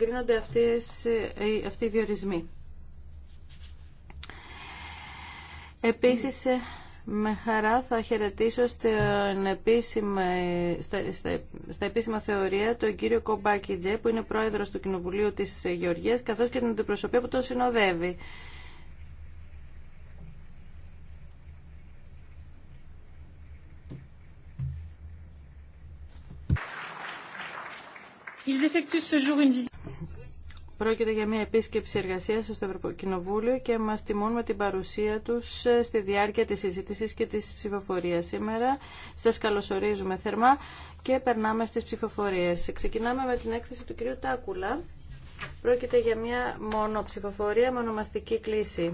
εγκρίνονται αυτές, ε, ε, αυτοί οι διορισμοί. Επίσης, ε, με χαρά θα χαιρετήσω επίσημα, στα, επίσημα θεωρία τον κύριο Κομπάκιτζε που είναι πρόεδρος του Κοινοβουλίου της Γεωργίας καθώς και την αντιπροσωπεία που τον συνοδεύει. Ils effectuent ce jour une visite. Πρόκειται για μια επίσκεψη εργασία στο Ευρωκοινοβούλιο και μα τιμούν με την παρουσία του ε, στη διάρκεια τη συζήτηση και τη ψηφοφορία. Σήμερα σα καλωσορίζουμε θερμά και περνάμε στι ψηφοφορίε. Ξεκινάμε με την έκθεση του κυρίου Τάκουλα. Πρόκειται για μια μόνο ψηφοφορία με ονομαστική κλίση.